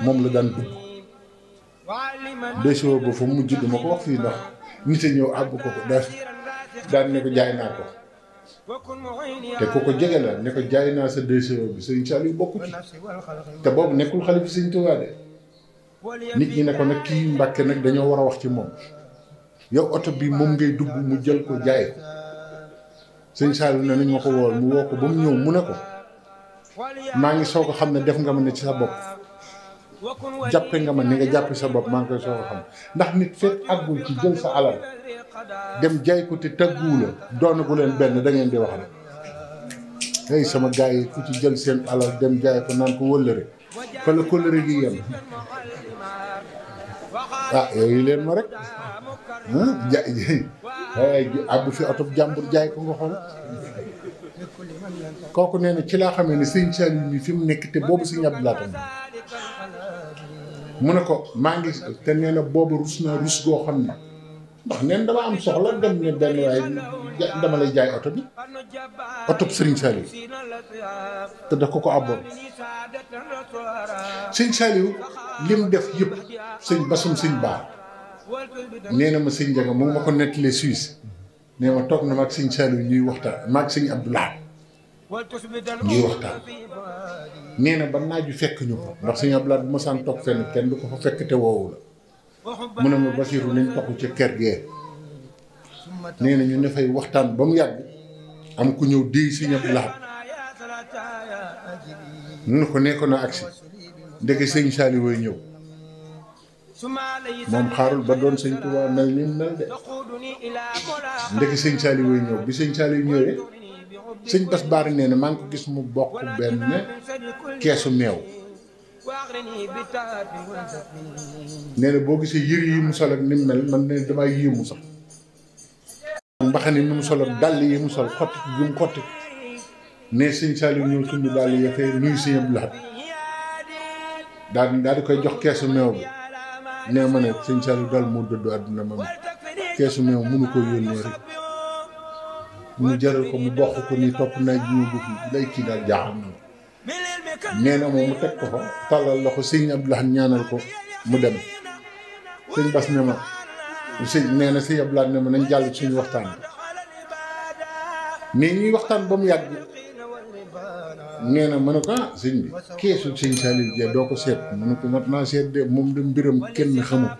moom la daan dugg desi ba fa mujj dama ko wax fii ndax nit a ñëw àbb ko ko daal daan ne ko jaay naa ko te ku ko jege la ne ko jaay naa sa desi bi sëñ Saliou bokku ci te boobu nekkul xalifa bi Tuubaa de nit ñi ne ko nag kii Mbàkke nag dañoo war a wax ci moom yow oto bi moom ngay dugg mu jël ko jaay ko sëñ Saliou ne nañ ma ko wool mu woo ba mu ñëw mu ne ko maa ngi soo ko xam ne def nga ma ne ci sa bopp jàppe nga ma ni nga jàppe sa bopp maa ngi koy soog a xam ndax nit fekk àggul ci jël sa alal dem jaay ko te tagguwu la doonagu leen benn dangeen di wax rek hey sama gars yi ku ci jël seen alal dem jaay ko naan ko wëllëre fa la gi yem ah, leen ma rek ja àbb fi oto jàmbur jaay ko nga xool kooku nee na ci laa xamee ne sëñ Saliou mi fi mu nekk te boobu sëñ laa Lahad mu ne ko maa ngi te nee na boobu rus naa rus goo xam ne ndax neen dama am soxla dem ne benn waaye dama lay jaay oto bi oto bi Serigne Saliou te daf ko ko abboon sëñ Saliou lim def yëpp sëñ basum sëñ baa nee na ma sëñ Njaga mu ngi ma ko nettalee Suisse nee ma toog na ma ak sëñ Saliou ñuy waxtaan ma ak sëñ Abdoulaye ñuy waxtaan nee na ba naaju fekk ñu ko ndax suñu ablaat bu ma saan toog fenn kenn du ko fa fekk te woowu la mu ne ma Basiiru nañ toxu ci kër gee nee na ñu ne fay waxtaan ba mu yàgg am ku ñëw déy suñu ablaat mu ne ko nekkoon na agsi ndeke sëñ Saali ñëw moom xaarul ba doon sëñ Tuubaa mel ni mel de ndeke sëñ Saali way ñëw bi sëñ Saali sëñ Bass baari nee na maa ngi ko gis mu bokk benn keesu meew nee na boo gisee yëre yi mu sol ak ni mu mel man ne damaa yéemu sax mbaxane ni mu sol ak dàll yi mu sol xotti gi mu xotti ne sëñ Saliou ñëw suñu dàll yi fee nuyu sëñ Abdou Lahad daal daal di koy jox keesu meew bi nee ma ne sëñ Saliou daal moo dëddu àdduna ma keesu meew mënu ko yónnee rek ñu jaral ko mu gox ko ni topp naaj bi mu dugg lay kii daal jaaxal na ma nee na moom mu teg ko fa tàllal loxo sëñ Abdoulaye ñaanal ko mu dem sëñ Bas ne ma sëñ nee na sëñ Abdoulaye ne ma nañ jàll suñu waxtaan bi mais ñuy waxtaan ba mu yàgg nee mën ma ne ko ah sëñ bi keesu sëñ Saliou Dia doo ko seet ma ne ko mat kenn xamul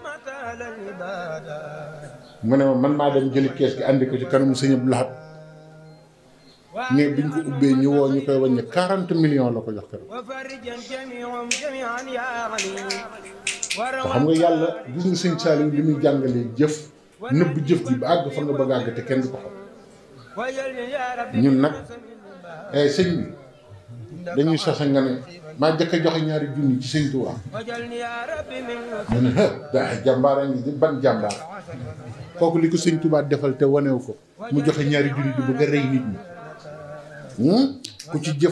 mu ne ma man maa dem jëli kees gi andi ko ci kanamu sëñ Abdoulaye mais biñ ko ubbee ñu woo ñu koy wàññi quarante million la ko jox keroog te xam yàlla gis nga sëñ muy jàngalee jëf nëbb jëf àgg fa nga bëgg kenn du ko xam ñun nag eh, sëñ bi dañuy sasa joxe ñaari junni ci sëñ Tuubaa li ko sëñ Tuubaa defal te wanew ko mu joxe ñaari junni du bëgg rey nit ñi Hum? Cotidiano